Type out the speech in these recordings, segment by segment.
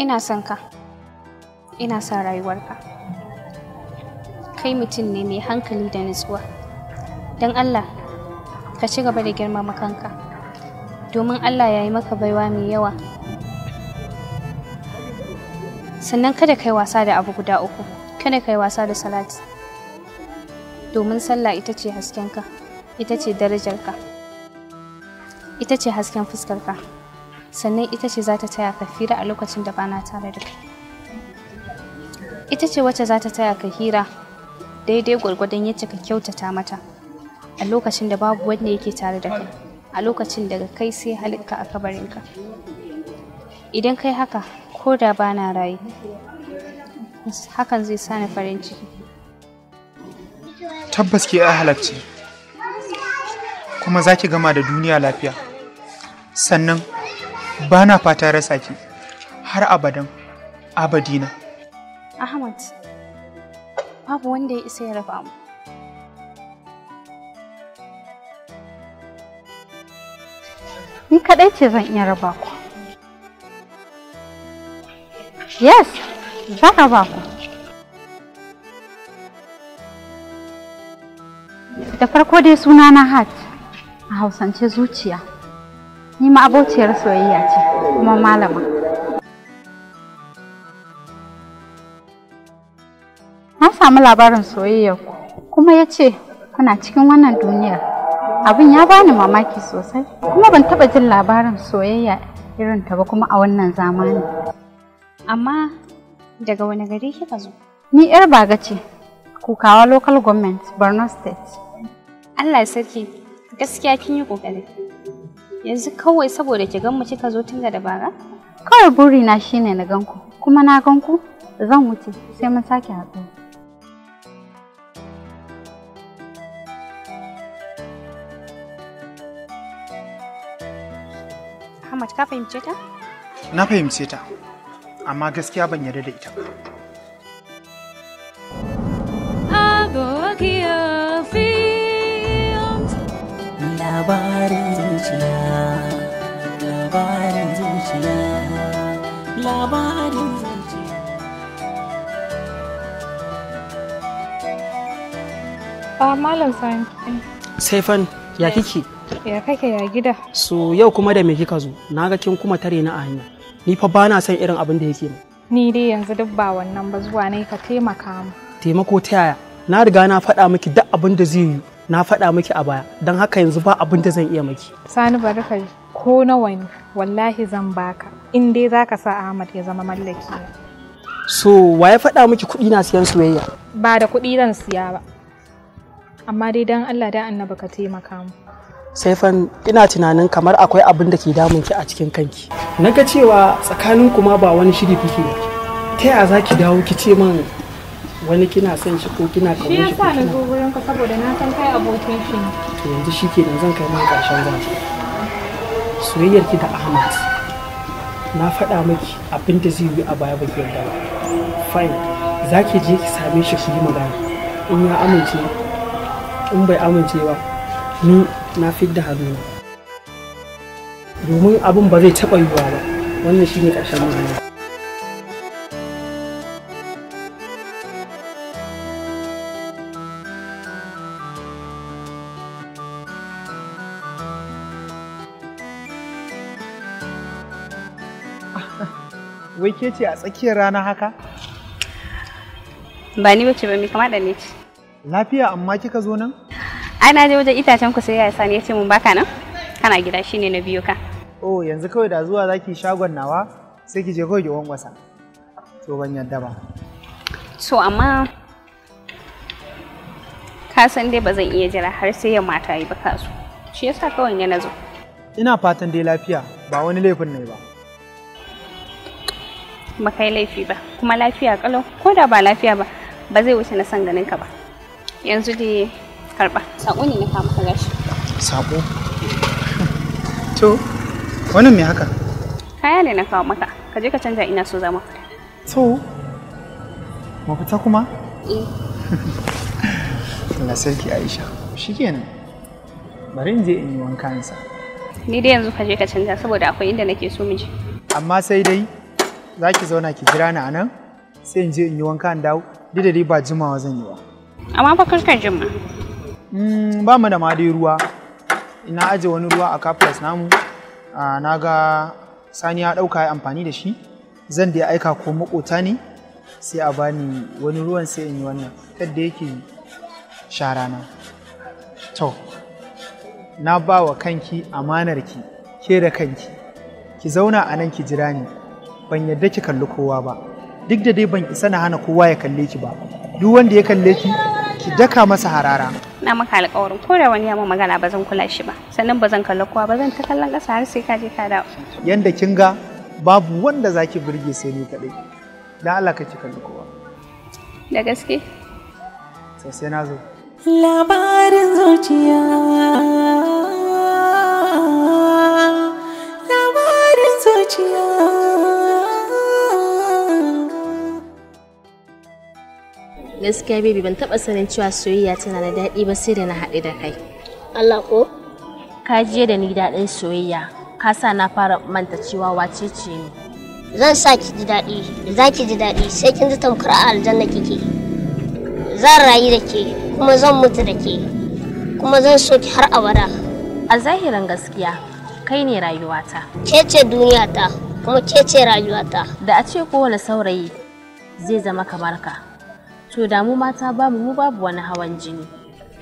ina son ka ina son rayuwarka kai mutum ne mai hankali da nutsuwa don allah ka ci gaba da girmama kanka domin allah ya yi maka baiwa mai yawa sannan kada kai wasa da abu guda uku kada kai wasa da salati domin sallah ita ce haskenka ita ce darajarka ita ce hasken fuskarka sannan ita ce za ta taya ka hira a lokacin da bana tare da kai ita ce wacce za ta taya ka hira daidai gwargwadon yadda ka kyautata mata a lokacin da babu wanda yake tare da kai a lokacin daga kai sai halitta a kabarinka idan kai haka ko da bana raye hakan zai sani farin ciki tabbas ke a halarci kuma za ki gama da duniya lafiya sannan ba na fata rasa ki har abadan abadina ahmad babu wanda ya isa ya rafa mu ni kaɗai ce zan iya raba ku yes zan raba ku da farko dai suna na hat a hausance zuciya Ni ma abociyar soyayya ce, kuma malama. Na samu labarin soyayyar ku, kuma ya ce kuna cikin wannan duniyar. Abin ya bani mamaki sosai, kuma ban taɓa jin labarin soyayya irin ta ba kuma a wannan zamani. Amma daga wani gari kika zo? Ni 'yar baga ce, kukawa local government Borno state. Allah sarki, gaskiya kin yi ƙoƙari. yanzu kawai saboda ki gan mu kika zo tun da bara kawai na shine na ganku kuma na ganku, ku zan wuce sai mun sake haɗuwa Ahmad ka fahimce ta? Na fahimce ta, amma gaskiya ban yarda da ita ba. labarin zuciya labarin zuciya labarin zuciya a ah, malam Sai saifan ya kike ya kake ya gida so yau kuma da me kika zo na ga kin kuma tare na a hanya ni fa bana son irin abin da yake ni dai yanzu duk ba wannan ba zuwa ne ka taimaka mu taimako ta yaya na riga na faɗa miki duk abin da zai yi na faɗa miki a baya don haka yanzu ba abin da zan iya miki sani bari ko nawa ne wallahi zan baka in dai zaka sa Ahmad ya zama mallaki so wa ya faɗa miki kuɗi na siyan soyayya ba da kuɗi zan siya ba amma dai dan Allah da annabi ka taimaka mu sai fan ina tunanin kamar akwai abin da ke damun ki a cikin kanki Na ga cewa tsakanin kuma ba wani shiri kuke ta yaya ki dawo ki ce min wani kina son shi ko kina kawo shi shi yasa na zo wurin ka saboda na san kai abokin shi to yanzu shi ke zan kai mai karshen zan soyayyar ki da Ahmad na faɗa miki abin da zai yi a baya ba ki yarda ba fine za ki je ki same shi ku yi magana in ya amince in bai amince ba ni na da hannu domin abin ba zai taɓa yiwuwa ba wannan shi ne ƙarshen magana wai ke ce a tsakiyar rana haka? Ba ni bace ba mai kama da ni ce. Lafiya amma kika zo nan? Ai na je wajen itacen ku sai ya sani ya ce mun baka nan? Kana gida shi ne na biyo ka. Oh yanzu kawai da zuwa za ki shagon nawa sai ki je kawai ki wangwasa. To ban yadda ba. So amma ka san dai ba zan iya jira har sai yamma ta yi ba kasu. Shi yasa kawai yana na zo. Ina fatan dai lafiya ba wani laifin ne ba. ba kai laifi ba kuma lafiya kalau ko da ba lafiya ba ba zai wuce na san ganin ka ba yanzu dai karba sako ne na kama ka gashi sako to wannan me haka kaya ne na kawo maka ka je ka canja ina so zama to fita kuma eh Allah sarki Aisha shikenan bari in je in yi wanka ni dai yanzu ka je ka canja saboda akwai inda nake so miji amma sai dai za ki zauna ki jira ni a nan sai in je in yi wanka in dawo duk da dai ba jimawa zan yi ba. Amma fa karka jima. Mm, ba mu da ma dai ruwa ina aje wani ruwa a kaflas namu ah, na ga sani ya ɗauka ya amfani da shi zan da aika ko makota ne sai a bani wani ruwan sai in yi wannan kadda yake shara na. To, na ba wa kanki amanarki ke da kanki ki zauna a nan ki jira ni. ban yadda ki kalli kowa ba duk da dai ban isa na hana kowa ya kalle ki ba duk wanda ya kalle ki ki daka masa harara na maka alƙawarin ko da wani ya magana ba zan kula shi ba sannan ba zan kalli kowa ba zan ta kallon ƙasa har sai ka je ka dawo yanda kin ga babu wanda zaki burge sai ni kaɗai dan Allah ka ki kalli kowa da gaske sai na zo labarin zuciya labarin zuciya gaskiya bebi ban taba sanin cewa soyayya tana da daɗi ba sai da na haɗu da kai Allah ko ka je da ni daɗin soyayya ka sa na fara manta cewa wace ce ni zan sa ki ji daɗi za ki ji daɗi sai kin ji tamkar a aljanna kike zan rayu da ke kuma zan mutu da ke kuma zan so ki har abada a zahirin gaskiya kai ne rayuwata ke ce duniyata kuma ke ce rayuwata da a ce kowane saurayi zai zama kamar ka to da mu mata ba mu babu wani hawan jini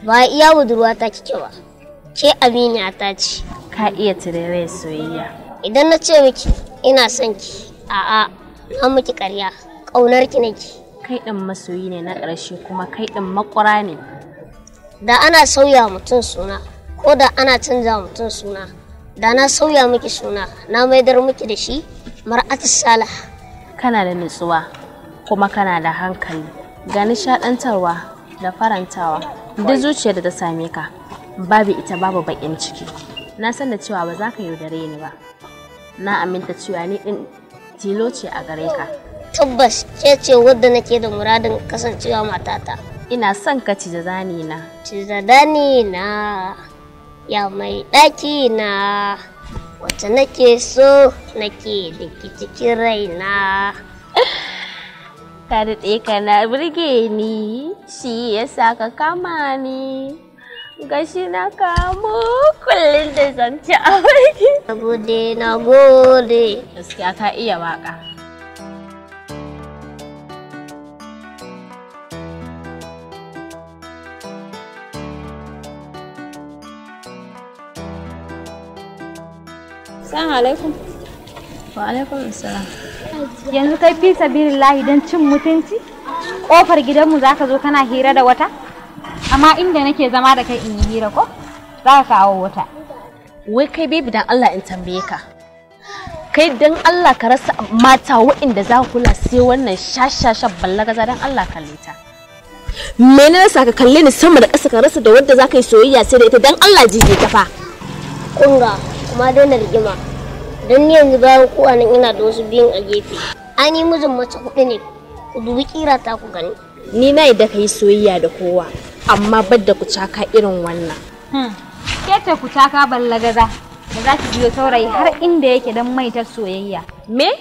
ba iya budurwa ta kike ba ke amina ta ce ka iya turere soyayya idan na ce miki ina son ki a'a na miki ƙarya ƙaunar ki nake kai ɗin masoyi ne na ƙarshe kuma kai ɗin makwara ne da ana sauya mutum suna ko da ana canza mutum suna da na sauya miki suna na mai dar miki da shi mar'atu salah kana da nutsuwa kuma kana da hankali ga nishadantarwa da farantawa duk zuciyar da ta same ka babu ita babu bakin ciki na san da cewa ba za ka yaudare ni ba na aminta cewa ni din tilo ce a gare ka tabbas ke ce wadda nake da muradin kasancewa matata ina son ka ci zani na ci zani na ya mai daki na wacce nake so nake da cikin raina ka daɗe kana burge ni shi ya ka kama ni gashi na kamo kullum da zance a wani gode na gode gaskiya ka iya waka Assalamu Yanzu kai fi sabilillahi don cin mutunci? Kofar gidanmu za ka zo kana hira da wata? Amma inda nake zama da kai in yi hira ko? Za ka kawo wata. Wai kai bebi dan Allah in tambaye ka. Kai dan Allah ka rasa mata waɗanda za ku kula sai wannan shashashan ballagaza dan Allah kalle ta. Me na rasa ka kalli ni sama da ƙasa ka rasa da wadda za ka yi soyayya sai da ita dan Allah jije ta fa. Kunga kuma daina rigima. don ni yanzu bayan kowa nan ina da wasu biyun a gefe an yi mijin mace kuɗi ne ku dubi kira ta ku gani ni na yadda ka yi soyayya da kowa amma bar da ku caka irin wannan hmm. ke ce ku caka ballagaza da za ki biyo saurayi har inda yake don maitar soyayya me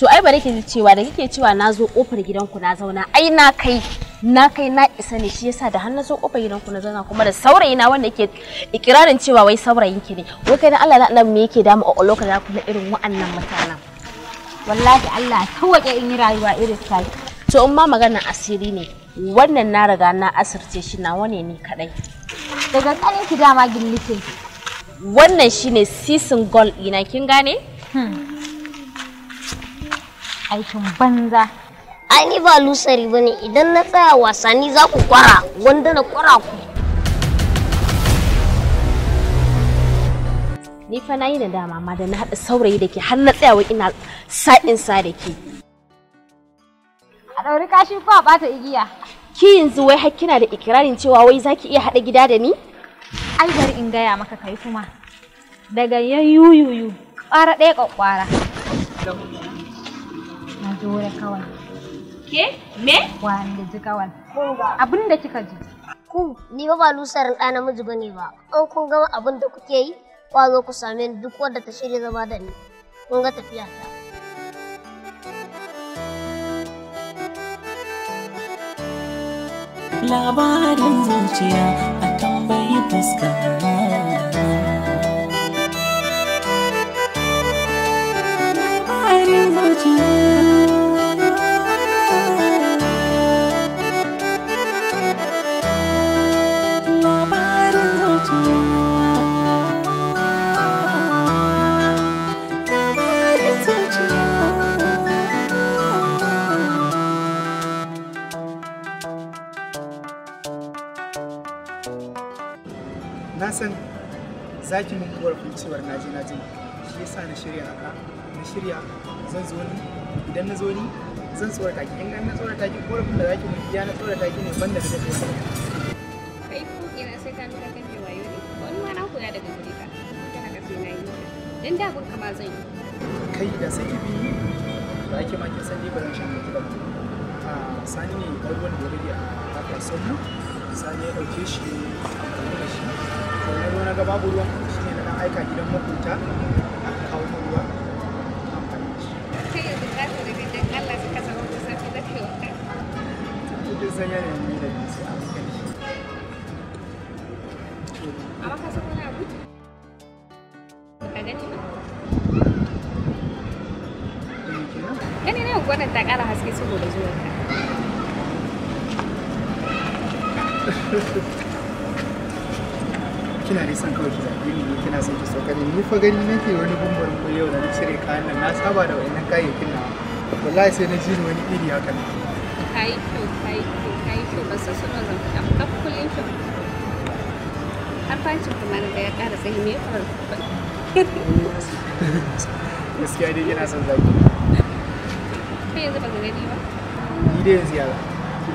to ai bari ki ji cewa da kike cewa na zo kofar gidanku na zauna ai na kai na kai na isa ne shi yasa da har na zo ku na zauna kuma da saurayi na wanda yake ikirarin cewa wai saurayin ki ne wai kai na Allah na Allah me yake damu a lokacin da kuma na irin wa'annan mutanen wallahi Allah tawake in yi rayuwa irin sai to in ma maganar asiri ne wannan na riga na asirce shi na wane ne kadai daga kanin ki dama gilliki wannan shine sisin gold ina kin gane hmm. aikin banza ni ba lusari ba ne idan na tsaya wasanni za ku kwara wanda na kwara ku ni fa nayi da dama ma da na haɗa saurayi da ke har na tsayawa ina sa'in sa da ke a ɗauri kashi ko a ɓata igiya ki yanzu wai har kina da ikirarin cewa wai zaki iya haɗa gida da ni ai bari in gaya maka kai kuma daga yayuyuyu ƙwara ɗaya ƙwaƙwara na kawai Ke? Me? Wanda ji kawai. Abin da kika ji. Ku, ni ba ba lusar ɗa namiji bane ba. An kun gama abin da kuke yi, kwa zo ku same ni duk wanda ta shirya zama da ni. Kun ga tafiya ta. Labarin zuciya a tambayi fuska. ganin cewar na je na ji shi yasa na shirya haka na shirya zan zo ni idan na zo ni zan tsorata ki in an na tsorata ki korafin da zaki mun iya na tsorata ki ne banda da kake so kai ko ina sai ka nuna kake wayo ne wani ma na koya daga gare ka ta haka sai na yi dan da abun kama zan yi kai da sai ki bi ba ki ma kin san ni ba zan shan ki ba a sani ne ɗan da ya rage a kasuwar nan sani ya ɗauke shi a kan shi sannan ruwa na ga babu ruwan aika gidan makwabta a kawo ruwa da Kai yanzu ka da Allah su kasa wata na da nisa a hankali. Amma Ka gani ba? Gani ne gwanin ta ƙara haske saboda zuwanka. kina ne son kawai ki zaɓi ni kina son ki sauka ne ni fa gani nake wani bumbar ko yau da na cire kayan nan na saba da wannan kayayyakin nan. wallahi sai na ji ni wani iri haka ne kai kyau kai kyau kai kyau ba su suna zan ka ba kullin kyau har fancin kuma na ga ya ƙara tsayi me faru gaskiya dai ina son zaki kai yanzu ba ga gani ba ni dai yanzu ya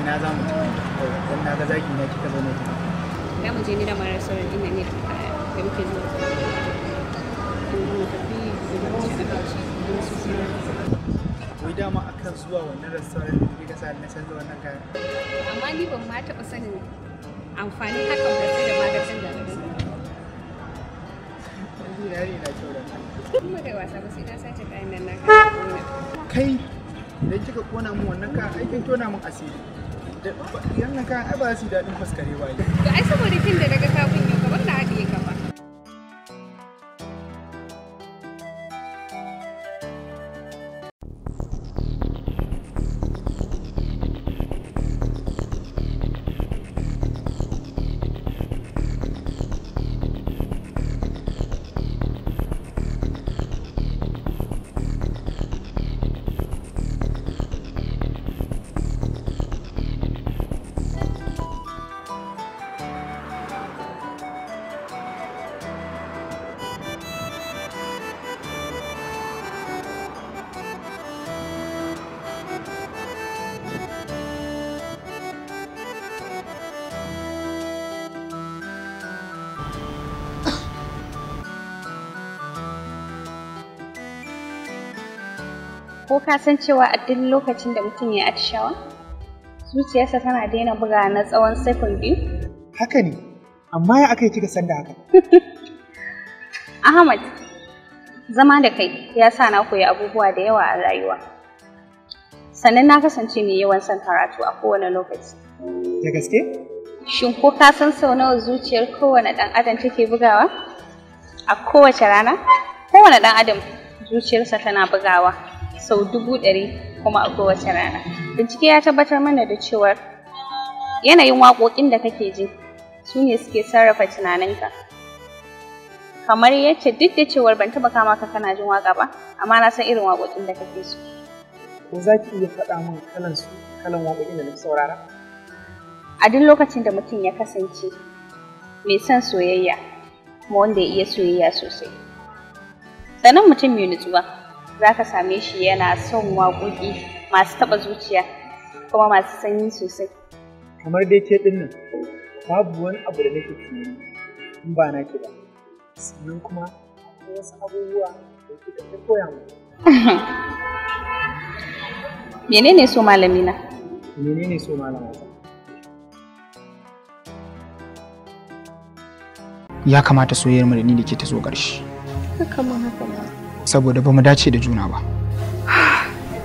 ina za mu tafi dan na ga zaki na kika zo ne za mu je ni da mara sauran inda ne da muke zuwa wai dama akan zuwa wannan restaurant da ka sa na canza wannan kayan amma ni ban ma taɓa sanin amfani hakan da sai da magacin da kuma da wasa ba sai na sace kayan nan na kai idan kika kona mu wannan kayan aikin tona mun asiri Yannan kayan ai ba su daɗin fuskare ba. ai saboda kin da daga kafin yau kamar na haɗiye ka. ko ka san cewa a duk lokacin da mutum ya atishawa zuciyarsa tana daina buga na tsawon sekon biyu haka ne amma ya aka yi kika san da haka ahmad zama da kai ya sa na koyi abubuwa da yawa a rayuwa sannan na kasance mai yawan son karatu a kowane lokaci da gaske shin ko ka san sau nawa zuciyar kowane dan adam take bugawa a kowace rana kowane dan adam zuciyarsa tana bugawa sau dubu ɗari kuma a kowace rana bincike ya tabbatar mana da cewa yanayin waƙoƙin da kake ji su ne suke sarrafa tunaninka kamar yacce duk da cewar ban taɓa kama ka kana jin waƙa ba amma na san irin waƙoƙin da kake so ko za ki iya faɗa min kalan su kalan waƙoƙin da na saurara a duk lokacin da mutum ya kasance mai son soyayya kuma wanda ya iya soyayya sosai sannan mutum mai nutsuwa za ka same shi yana son waƙoƙi masu taɓa zuciya kuma masu sanyi sosai. Kamar dai ke ɗin nan, babu wani abu da nake tunani in ba na ke ba. Sannan kuma akwai wasu abubuwa da ke da ta koya mu. Menene so malamina? Menene so malamata? Ya kamata soyayyar mu da ni da ke ta zo ƙarshe. Haka ma haka saboda ba mu dace da juna ba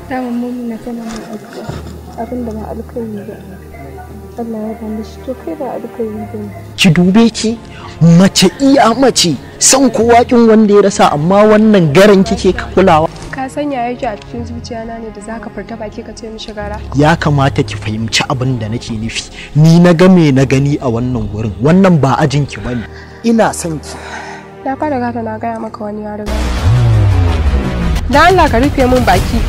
na abin da ba ba Allah ya bani shi to kai ba ba ki dube ki mace iya mace san kowa kin wanda ya rasa amma wannan garan kike kulawa ka sanya yake a cikin zuciyana ne da zaka furta baki ka ce mishi gara ya kamata ki fahimci abin da nake nufi ni na ga me na gani a wannan wurin wannan ba ajin ki bane ina son ki na fara gata na gaya maka wani ya riga dan Allah ka rufe min baki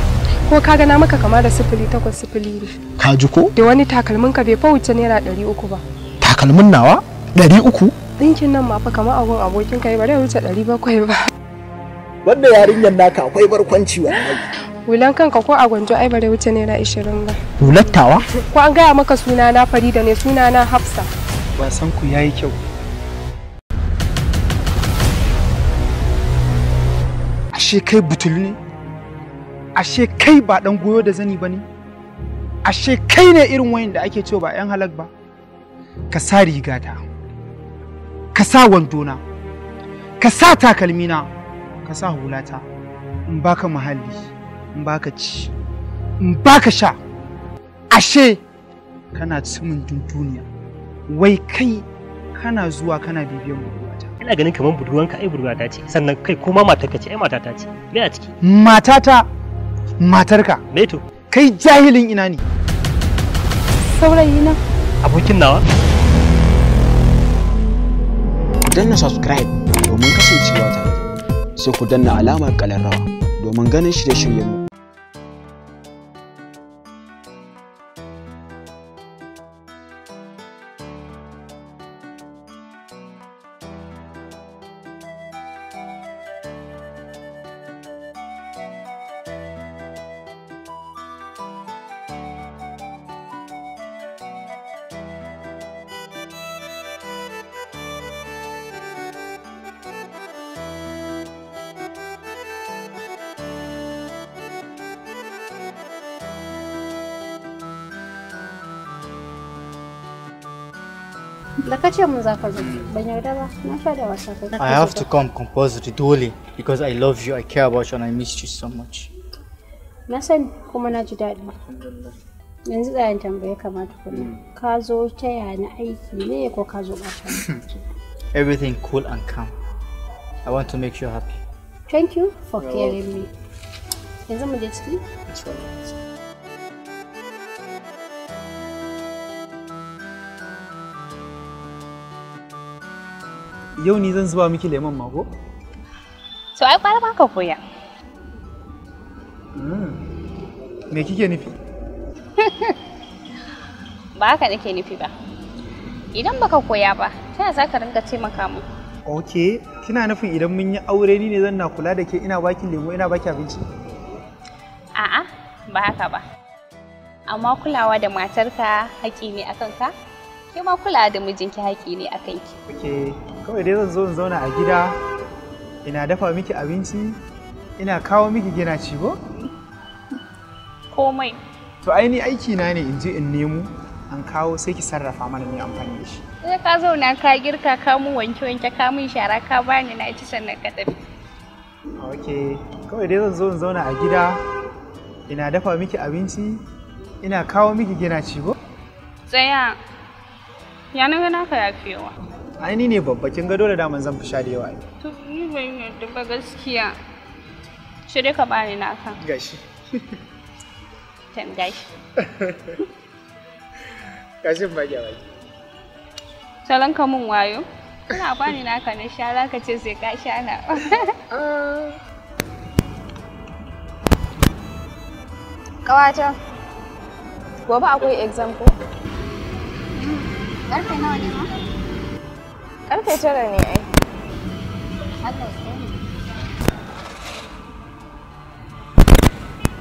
ko ka gana maka kama da sifili takwas sifili ne ka ji ko da wani takalmin ka bai fawuce naira ɗari uku ba takalmin nawa ɗari uku ɗinkin nan ma fa kama abun abokin kai ba zai wuce ɗari bakwai ba wanda yarinyar naka akwai barkwanci wallahi hulan kanka ko a gwanjo ai bare wuce naira ishirin ba hulattawa ko an gaya maka suna na farida ne suna na hafsa san ku yayi kyau ashe kai butulu ne ashe kai ba dan goyo da zani ba ne ashe kai ne irin wayan da ake cewa ba 'yan halak ba ka sa rigata ka sa wandona ka sa takalmina ka sa hulata in baka muhalli in baka ci in baka sha ashe kana cimin duniya wai kai kana zuwa kana bibiyan mu budurwata ina ganin kamar budurwanka ai ta ce sannan kai ko ma matarka ce ai matata ce me a ciki matata matarka me to kai jahilin ina ne saurayi na abokin nawa ku danna subscribe domin kasancewa tare sai ku danna alamar kalarrawa rawa domin ganin shirye mu. I have to come compose duly because I love you, I care about you, and I miss you so much. kuma tambaye aiki ne ko Everything cool and calm. I want to make you happy. Thank you for caring me. Yanzu mu je yau ni zan zuba miki lemon mako? To ai kwara maka koya. Hmm. Me kike nufi? Ba haka nake nufi ba. Idan baka koya ba, ta za ka ringa taimaka mu? Ok, kina nufin idan mun yi aure ni ne zan na kula da ke ina baki lemo ina baki abinci? A'a, ba haka ba. Amma kulawa da matarka haƙi ne akan ka ke ma kulawa da mijinki haƙi ne akan ki. Okay. kawai dai zan zo in zauna a gida ina dafa miki abinci ina kawo miki gina ci ko? komai to aini aiki na ne in je in nemo an kawo sai ki sarrafa mana mai amfani da shi sai ka zauna ka girka ka mu wanke wanke ka mun shara ka bani na ci sannan ka tafi ok kawai dai zan zo in zauna a gida ina dafa miki abinci ina kawo miki gina ci ko? tsaya ya na gana ka yafi ai ne babba kin ga dole daman zan fusha da yawa ai to ni ban yarda ba gaskiya shi dai ka bani na kan gashi Tam gashi Gashi ba ya wai salon ka mun wayo kana bani na ka na sha za ka ce sai ka sha na ah. kawata gobe akwai exam ko karfe nawa ne ma Karfe tara ne ai.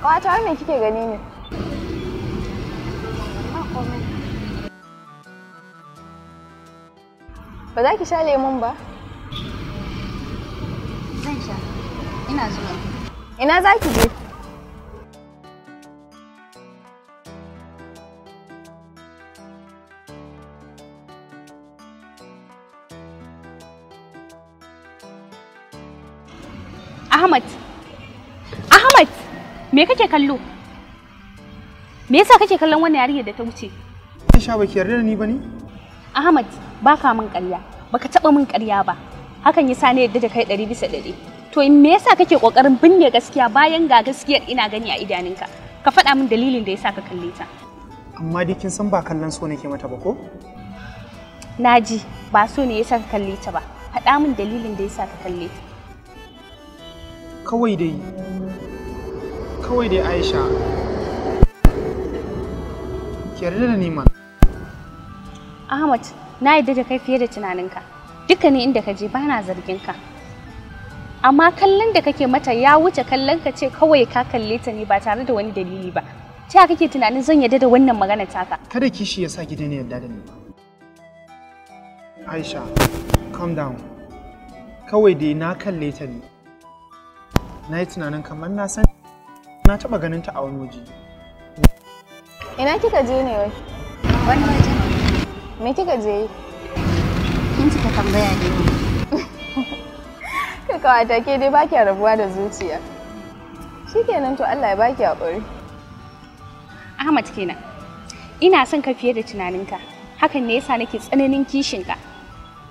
Kawata tawai me kike gani ne? Ba za ki sha lemun ba? Zan sha. Ina zuwa. Ina za ki je? me kake kallo me yasa kake kallon wannan yarinyar da ta wuce Aisha baki yarda da ni bane Ahmad baka min ƙarya baka taba min ƙarya ba hakan yasa ne yadda da kai ɗari bisa ɗari to me yasa kake kokarin binne gaskiya bayan ga gaskiyar ina gani a idaninka? ka faɗa min dalilin da yasa ka kalle ta amma dai kin san ba kallon so nake mata ba ko naji ba so ne yasa ka kalle ta ba faɗa min dalilin da yasa ka kalle ta kawai dai kawai dai aisha ke yarda da ni ahmad na yarda da kai fiye da tunaninka ne inda ka je ba zargin ka amma kallon da kake mata ya wuce kallon ka ce kawai ka kalle ta ne ba tare da wani dalili ba ta kake tunanin zan yarda da wannan magana taka kada kishi ya sa gidan ne yarda da ni ba Aisha, calm down. Kawai dai na kalle ta ne. Na yi tunanin kamar na san na taba ganin ta a wani waje ina kika je ne wai wani waje me kika je yi kin cika tambaya ne ka kawata ke dai baki rabuwa da zuciya shikenan to Allah ya baki hakuri Ahmad kenan ina son ka fiye da tunaninka hakan ne yasa nake tsananin kishinka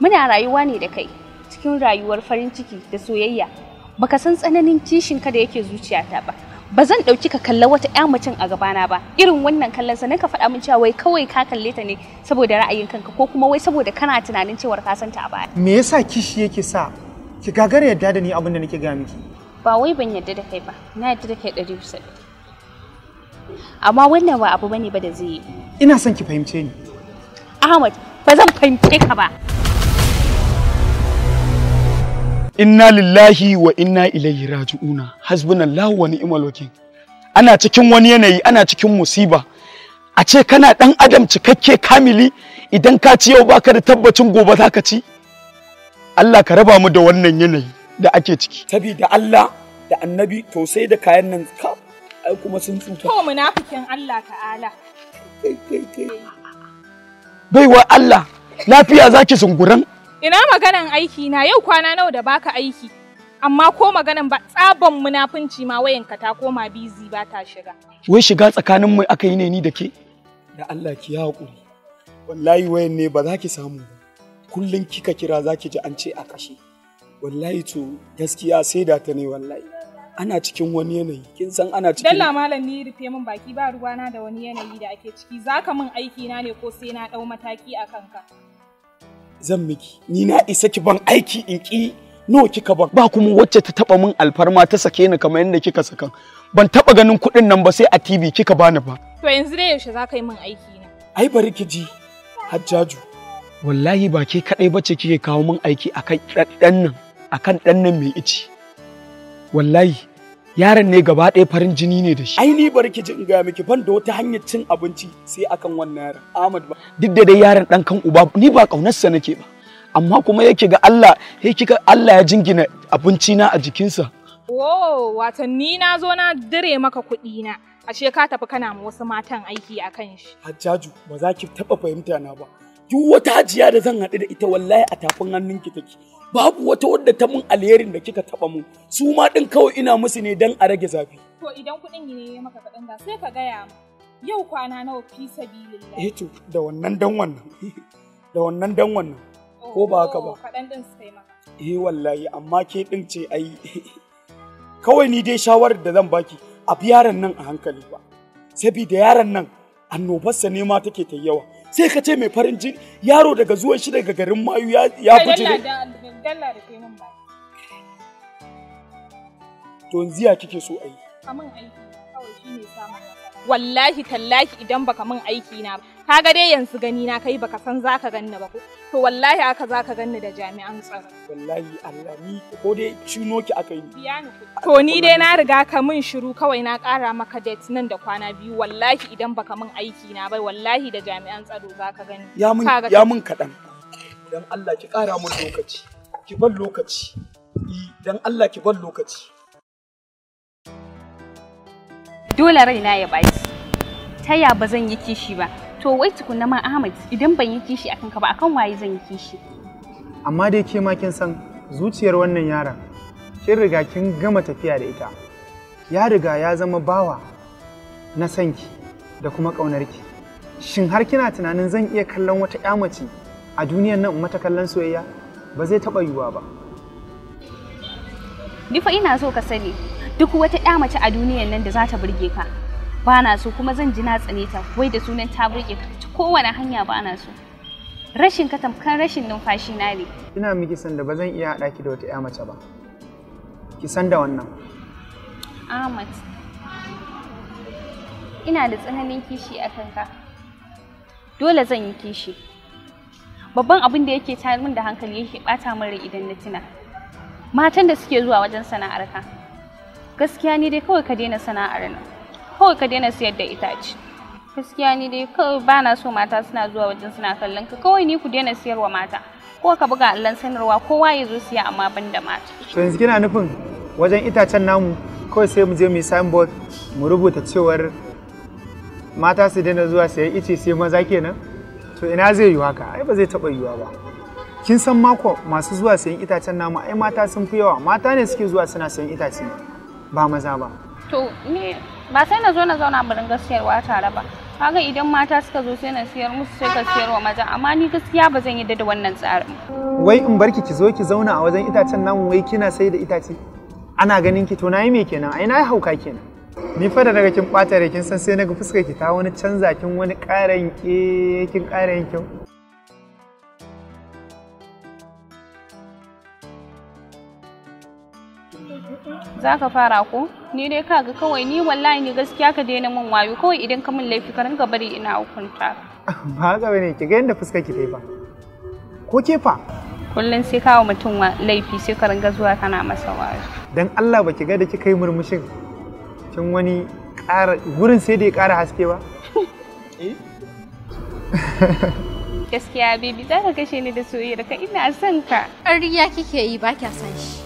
muna rayuwa ne da kai cikin rayuwar farin ciki da soyayya baka san tsananin kishinka da yake zuciyata ba ba zan ɗauki ka kalla wata 'ya mutum a gabana ba irin wannan kallon sa, ka faɗa min cewa wai kawai ka kalle ta ne saboda ra'ayin kanka ko kuma wai saboda kana tunanin cewar ka san ta a baya me yasa kishi yake sa ki gagara yadda da ni abin da nake ga miki ba wai ban yadda da kai ba na yadda da kai ɗari bisa amma wannan ba abu bane ba da zai yi ina son ki fahimce ni Ahmad ba zan fahimce ka ba inna lillahi wa inna ilayhi raji'una hasbunallahu wa ni'mal wakeel ana cikin wani yanayi ana cikin musiba a ce kana dan adam cikakke kamili idan ka ci yau baka da tabbacin gobe za ka ci Allah ka raba mu da wannan yanayi da ake ciki saboda Allah da annabi to sai da kayan nan ka ai kuma sun tsuta ko munafikin Allah ta'ala baiwa Allah lafiya zaki sunguran Ina maganan aiki na yau kwana nawa da baka aiki. Amma ko maganan ba tsaban munafunci ma wayanka ta koma bizi ba ta shiga. Wai shiga tsakanin mu aka yi ne ni da ke? Da Allah ki ya hakuri. Wallahi wayan ne ba za ki samu ba. Kullum kika kira za ki ji an ce a kashe. Wallahi to gaskiya sai da ta ne wallahi. Ana cikin wani yanayi, kin san ana cikin Dalla malam ni rufe min baki ba ruwana da wani yanayi da ake ciki. Zaka min aiki na ne ko sai na dau mataki a kanka. zan miki ni na isa ki ban aiki in ki nawa kika ban ba kuma wacce ta taba min alfarma ta sake ni kamar yadda kika saka ban taba ganin kuɗin nan ba sai a TV kika bani ba to yanzu dai yaushe za ka yi min aiki ne ai bari ki ji Hajjaju wallahi ba ke kadai bace kike kawo min aiki akan dan nan akan dan nan mai ici wallahi yaron ne gaba ɗaya farin jini ne da shi. Ai ni bari ki jinga in gaya miki ban da wata hanyar cin abinci sai akan wannan yaron Ahmad ba. Duk da dai yaron ɗan kan uba ni ba ƙaunarsa nake ba. Amma kuma yake ga Allah sai kika Allah ya jingina abinci na a jikinsa. Oh, wato na zo na dire maka kuɗi na. Ashe ka tafi kana ma wasu matan aiki a kan shi. Hajjaju ba za ki taɓa fahimta na ba. Duk wata hajiya da zan haɗu da ita wallahi a tafin hannunki take. babu wata wadda ta mun alherin da kika taba mu su ma din kawai ina musu ne dan a rage zafi to idan kudin ne ya maka kaɗan da sai ka gaya ma yau kwana nawa fi sabilillah eh to da wannan dan wannan da wannan dan wannan ko ba haka ba oh, kadan din su kai maka eh wallahi amma ke din ce ai kawai ni dai shawarar da zan baki a bi yaron nan a hankali ba sabida yaron nan annobarsa ne ma take ta yawa sai ka ce mai farin jin yaro daga zuwan shi daga garin mayu ya fi ne. Dalla To yanzu ya kike so a yi? Amin aiki kawai shi ne samun wallahi tallahi idan baka min aiki na ba kaga dai yanzu gani na kai baka san zaka ganni ba ko to wallahi haka zaka ganni da jami'an tsaro wallahi Allah ni ko dai cino ki aka yi to ni dai na riga ka min shiru kawai na ƙara maka date nan da kwana biyu wallahi idan baka min aiki na ba wallahi da jami'an tsaro zaka ganni ya mun ya mun kadan dan Allah ki ƙara mun lokaci ki bar lokaci dan Allah ki bar lokaci dole raina ya baci ta ya ba zan yi kishi ba to wai tukunna ma Ahmad idan ban yi kishi akan ka ba akan waye zan yi kishi amma dai ke ma kin san zuciyar wannan yaron kin riga kin gama tafiya da ita ya riga ya zama bawa na sanki da kuma ƙaunarki shin har kina tunanin zan iya kallon wata ƴa mace a duniyar nan mata kallon soyayya ba zai taɓa yiwuwa ba. Ni fa ina so ka sani duk wata ƴa mace a duniyar nan da za ta burge ka ba na so kuma zan ji na tsane ta wai da sunan ta burge ka ta kowane hanya ba na so rashin ka tamkar rashin numfashi na ne ina miki san da ba zan iya haɗa ki da wata ƴa mace ba ki san da wannan Ahmad ina da tsananin kishi a kanka dole zan yi kishi babban abin da yake tayar min da hankali yake bata min rai idan na tuna matan da suke zuwa wajen sana'arka gaskiya ni dai kawai ka daina sana'ar nan kawai ka daina siyar da itace gaskiya ni dai kawai ba na so mata suna zuwa wajen suna kallon ka kawai ni ku daina siyarwa mata ko ka buga allon sanarwa kowa ya zo siya amma ban da mata to yanzu kina nufin wajen itacen namu kawai sai mu je mu yi signboard mu rubuta cewar mata su daina zuwa yi ice sai maza kenan to ina zai yi haka ai ba zai taɓa yiwuwa ba kin san mako masu zuwa sayan itacen namu ai mata sun fi yawa mata ne suke zuwa suna sayan itace ba maza ba to ni ba sai na zo na zauna mu dinga siyarwa tare ba kaga idan mata suka zo sai na siyar musu sai ka siyarwa maza amma ni gaskiya ba zan yadda da wannan tsarin wai in barki ki zo ki zauna a wajen itacen namu wai kina sai da itace ana ganin ki to nayi me kenan ai nayi hauka kenan ni fa da daga kin bata da kin san sai naga fuskar ki ta wani canza kin wani ƙara yanke eh, kin ƙara yanke za ka fara ko ni dai kaga kawai ni wallahi ni gaskiya ka daina min wayo kawai idan ka min laifi ka ringa bari ina hukunta ba haka bane ki ga yanda fuskar ki ta fa ko ke fa kullun sai kawo mutum laifi sai ka ringa zuwa kana masa wayo dan Allah baki ga da ki kai murmushin kin wani ƙara gurin sai da ya ƙara haske ba eh gaskiya bibi za ka kashe ni da soyayya ka ina son ka ƙarya kike yi ba kya san shi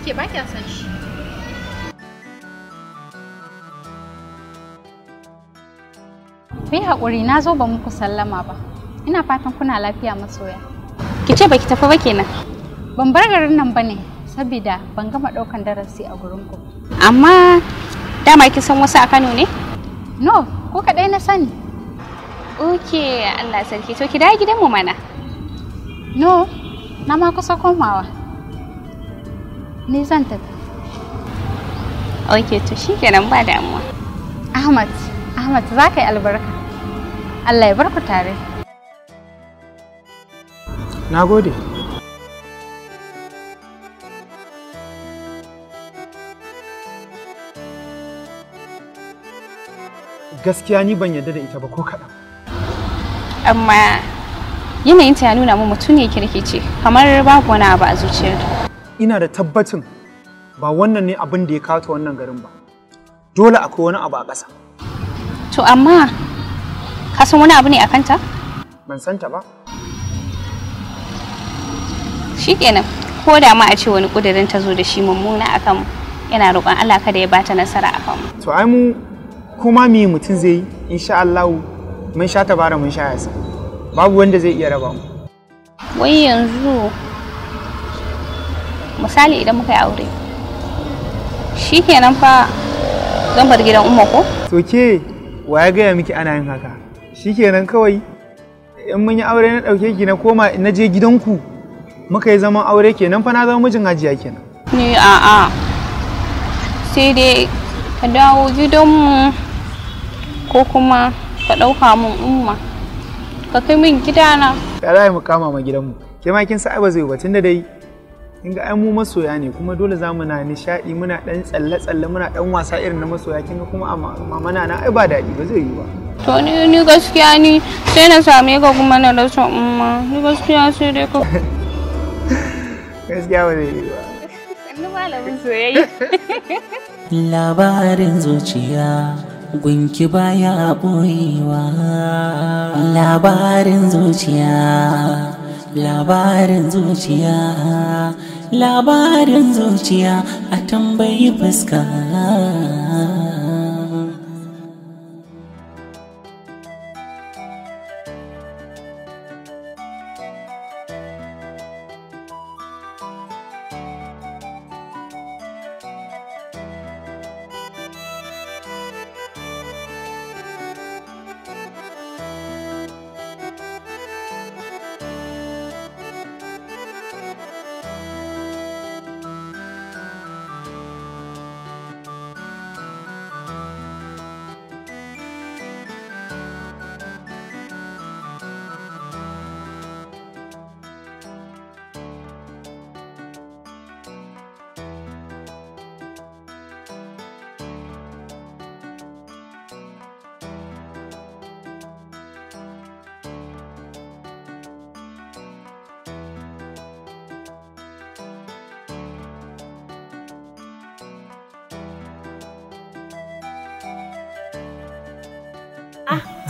kike ba kya san shi haƙuri na zo ba muku sallama ba. Ina fatan kuna lafiya masoya. Ki ce baki tafi ba kenan. Ban bar garin nan bane saboda ban gama ɗaukan darasi a gurin ku. Amma dama kin san wasu a Kano ne? No, ko kaɗai na sani. Oke, Allah sarki to ki dawo gidanmu mana. No, na ma kusa komawa. ni zan tafi ok to shikenan ba damuwa ahmad ahmad za ka yi albarka allah ya barku tare na gode gaskiya ni ban yarda da ita ba ko kaɗan. amma yanayinta ya nuna mu mutum ne kirki ce kamar babu wani abu a zuciyarta ina da tabbacin ba wannan ne abin da ya kawo wannan garin ba dole akwai wani abu a ƙasa to amma ka san wani abu ne a kanta ban santa ba Shi kenan, ko da ma a ce wani ƙudurin ta zo da shi mummuna kan yana roƙon Allah kada ya bata nasara a kan to ai mu kuma me mutum zai yi insha Allah mun sha tabara mun sha yasa babu wanda zai iya raba mu wai yanzu misali idan muka yi aure shi kenan fa zan bar gidan umma ko to ke ya gaya miki ana yin haka shi kenan kawai in mun yi aure na ɗauke ki na koma na je gidanku muka yi zaman aure kenan fa na zama mijin hajiya kenan ni a'a sai dai ka dawo gidanmu ko kuma ka ɗauka mun umma ka kai min gidana ya za mu kama ma gidanmu ke ma kin sa'a ba zai ba tun da dai in ga mu masoya ne kuma dole za mu na nishaɗi muna ɗan tsalle-tsalle muna ɗan wasa irin na masoya kin ga kuma a mamana na ai ba daɗi ba zai yi ba. to ni ni gaskiya ni sai na same ka kuma na rasa umma ni gaskiya sai dai ka. gaskiya ba zai yi ba. ni malamin soyayya. labarin zuciya gunki baya ɓoyewa labarin zuciya labarin zuciya labarin zuciya a tambayi fuska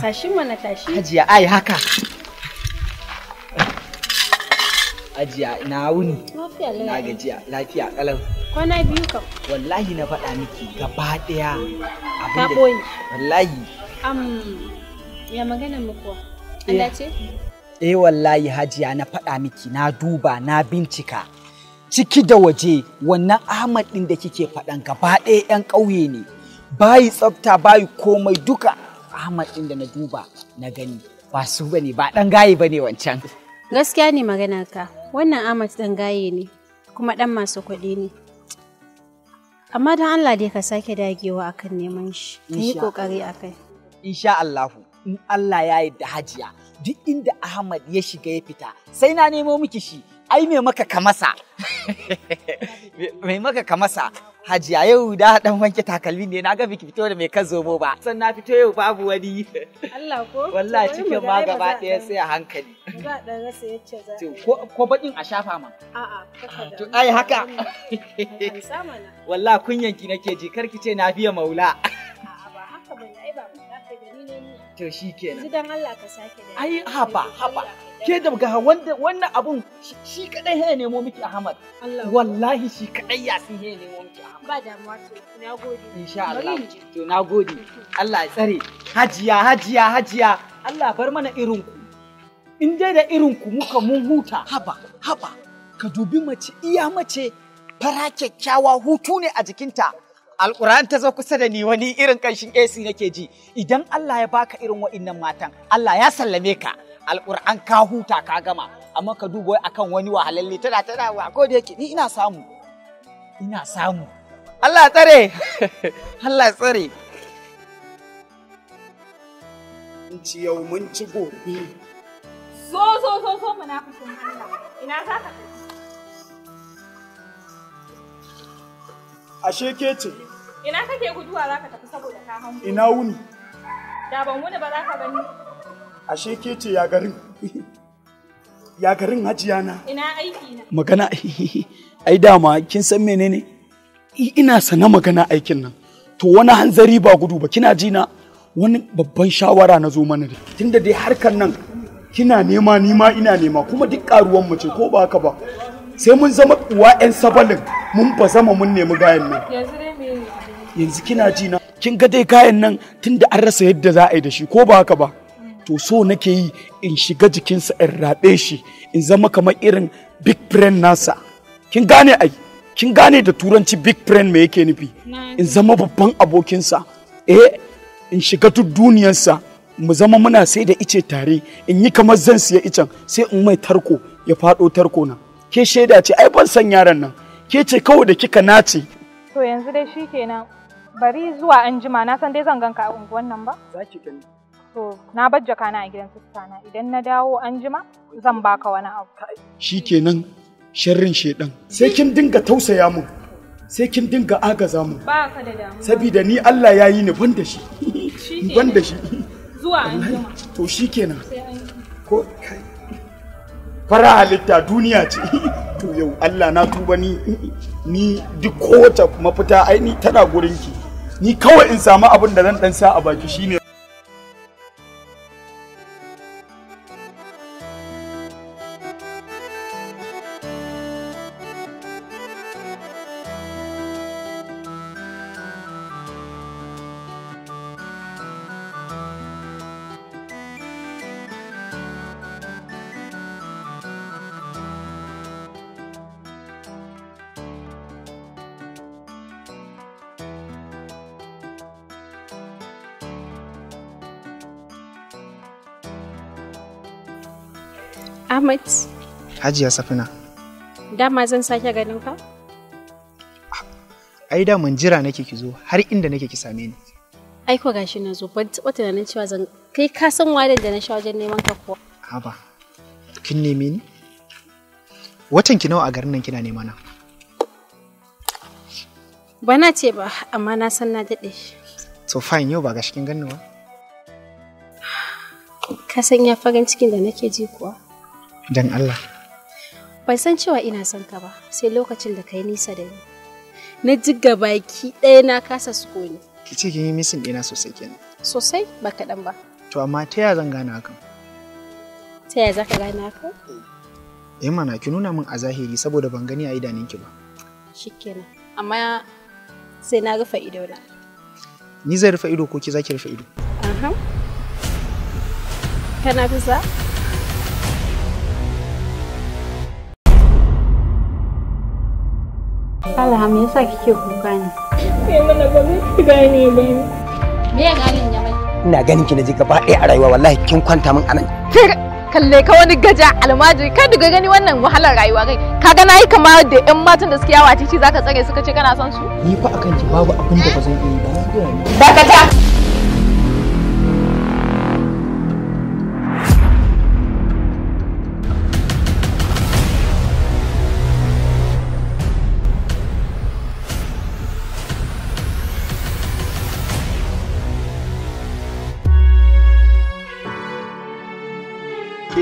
Tashi mana tashi. Hajiya ai haka. Hajiya na wuni. Lafiya lafiya. Na gajiya lafiya kalau. Kwana biyu kam. Wallahi na faɗa miki gaba ɗaya. Ka ɓoye. Wallahi. Am ya magana muku. Eh. Allah ce? Eh wallahi Hajiya na faɗa miki na duba na bincika. Ciki da waje wannan Ahmad ɗin da kike faɗan gaba ɗaya 'yan ƙauye ne. Bayi tsafta bayi komai duka Ahmad ɗin da na duba na gani ba su bane ba ɗan gaye bane wancan. Gaskiya ne magana ka wannan Ahmad ɗan gaye ne kuma ɗan masu kuɗi ne. Amma don Allah dai ka sake dagewa akan neman shi, ka yi ƙoƙari a kai. Insha Allahu, in Allah ya yi da hajiya, duk inda Ahmad ya shiga ya fita, sai na nemo miki shi. ai me maka ka masa me maka ka masa hajiya yau da dan wanke takalmi ne na ga biki fito da mai ka zomo ba san na fito yau babu wani Allah ko wallahi cikin ma gaba daya sai a hankali ba dan rasa yace za ko ko bakin a shafa ma a a ah, to ai haka wallahi ki nake ji karki ce na biya maula a ba haka ai ba to shikenan yanzu dan Allah ka sake da ai haba haba ke da ga wanda wannan abun shi kadai ya nemo miki Ahmad wallahi shi kadai ya sun ya nemo miki Ahmad ba damuwa to nagode insha Allah to nagode Allah ya tsare hajiya hajiya hajiya Allah bar mana irin ku in dai da irin ku muka mun huta haba haba ka dubi mace iya mace fara kyakkyawa hutu ne a jikinta alƙur'an ta zo kusa da ni wani irin ƙanshin AC nake ji idan Allah ya baka irin wa'innan matan Allah ya sallame ka alƙur'an ka huta ka gama amma ka duba akan wani wahalalle tana-tana wa ko da yake ni ina samu ina samu Allah tsare Allah tsare mun ci yau mun ci gobe zo zo zo zo Allah, ina za ka ashe ke ce ina kake guduwa za ka tafi saboda ka hango ina wuni da ban wuni ba za ka gani. ashe ke ce ya garin ya garin hajiya na ina aiki na magana ai dama kin san menene ina sana magana aikin nan to wani hanzari ba gudu ba kina ji na wani babban shawara na zo mana tunda dai harkar nan kina nema ni ma ina nema kuma duk karuwan mu ce ko ba haka ba sai mun zama uwa yan sabalin mun ba zama mun nemi gayan nan yanzu kina ji na kin ga dai kayan nan tunda an rasa yadda za a yi da shi ko ba haka ba to so nake yi in shiga jikinsa in raɓe shi in zama kamar irin big friend nasa kin gane ai kin gane da turanci big friend me yake nufi in zama babban abokinsa eh in shiga duk duniyarsa mu zama muna sai da ice tare in yi kamar zan siya icen sai in mai tarko ya faɗo tarko na ke shaida ce ai ban san yaran nan ke ce kawai da kika nace to yanzu dai shikenan bari zuwa anjima na san dai zan ganka a unguwan nan ba za ki gani So, na bar jaka na a gidan sistana idan na dawo an jima zan baka wani abu. shi Shikenan sharrin shedan. Sai kin dinga tausaya mun. Sai kin dinga agaza mun. Ba ka da damuwa. Sabida ni Allah ya yi ni ban da shi. Ban da shi. Zuwa an jima. To shikenan. Ko kai. Fara halitta duniya ce. To yau Allah na tuba ni ni duk kowace mafita ai ni tana gurinki. Ni kawai in samu abin da zan dan sa a baki shine Ahmad. Hajiya Safina. Dama zan sake ganin ka? Ai da mun jira nake ki zo har inda nake ki same ni. Ai ko gashi na zo ban taɓa tunanin cewa zan kai ka san wadan da na sha wajen neman ka kuwa. Haba. Kin neme ni? Watan ki nawa a garin nan kina nema na? Bana ce ba amma na san na daɗe. To fine yau ba gashi kin ganni ba. Ka san ya farin cikin da nake ji kuwa. Dan Allah. Ban san cewa ina son ka ba, sai lokacin da ka yi nisa da ni. Na ji baki ɗaya na kasa ni. Ki ce kin yi misin ɗina sosai kenan. Sosai ba kaɗan ba. To amma ta yaya zan gane hakan? Ta yaya za ka gane hakan? Eh mana ki nuna min a zahiri saboda ban gani a idanunki ba. Shikenan. Amma sai na rufe ido na. Ni zai rufe ido ko ki zaki rufe ido? Aha. Kana bisa? Alham ya yasa kike kuka ne. Eh, ki gane Ina ganin ki na ji gaba ɗaya a rayuwa wallahi kin kwanta min anan. kalle ka wani gaja almajiri ka duga gani wannan wahalar rayuwa kai kaga nayi kama da ƴan matan da suke yawa titi zaka tsare suka ce kana son su ni fa akan ji babu abin da ba zan iya ba dakata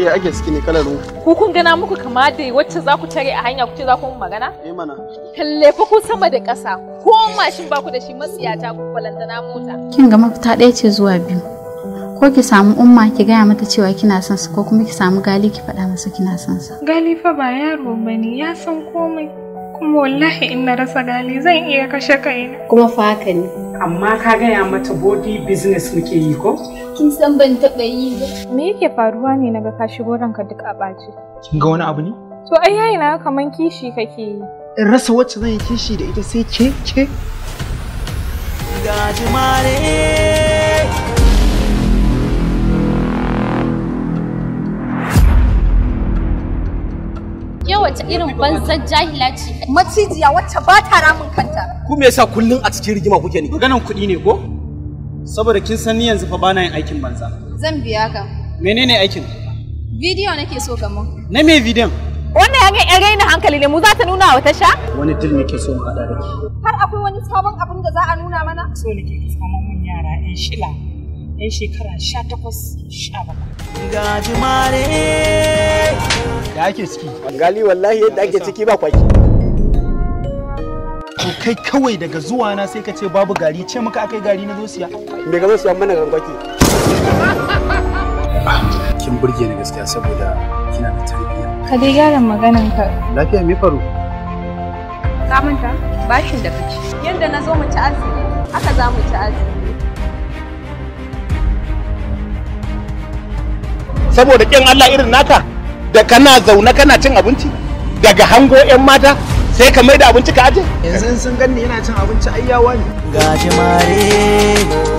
ya ake siki ne kalar ruwa. Ku kun gana muku kama da wacce za ku tare a hanya ku za ku magana? Eh mana. Kalle fa ku sama da ƙasa ko mashin ba ku da shi matsiyata ku balantana mota. Kin ga mafita ɗaya ce zuwa biyu. Ko ki samu umma ki gaya mata cewa kina son sa ko kuma ki samu gali ki faɗa masa kina son sa. Gali fa ba yaro bane ya san komai. Kuma wallahi in na rasa gali zan iya kashe kaina. Kuma fa haka ne. Amma ka gaya mata body business muke yi ko? kin san ban taɓa yi ba. Me yake faruwa ne naga ka shigo ranka duk a ɓaci? Kin ga wani abu ne? To ai yayi na kaman kishi kake yi. In rasa wacce zan yi kishi da ita sai ke ke. Gajimare. wace irin banzar jahila ce. Macijiya wacce ba ta ramin kanta. Ku me yasa kullun a cikin rigima kuke ne? Maganan kuɗi ne ko? saboda kin san ni yanzu fa bana yin aikin banza zan biya ka menene aikin video nake so kamar na me video wannan yage ya raina hankali ne mu za ta nuna wa tasha wani dil nake so mu hada da ki har akwai wani sabon abin da za a nuna mana so nake ka samu mun yara yan shila yan shekara 18 17 ga jimare da ake ciki gali wallahi yadda ake ciki ba kwaki to kai kawai daga zuwa na sai ka ce babu gari ce maka akai gari na zosiya me ka zo siya mana gangwaki kin burge ni gaskiya saboda kina da tarbiyya ka dai gyara maganan ka lafiya me faru ka manta bashin da kace yanda na zo mu ci azumi haka za mu ci azumi saboda kin Allah irin naka da kana zaune kana cin abinci daga hango 'yan mata sai ka mai da abinci ka aje yanzu sun ganni yana cin abinci ayyawa ne gajimare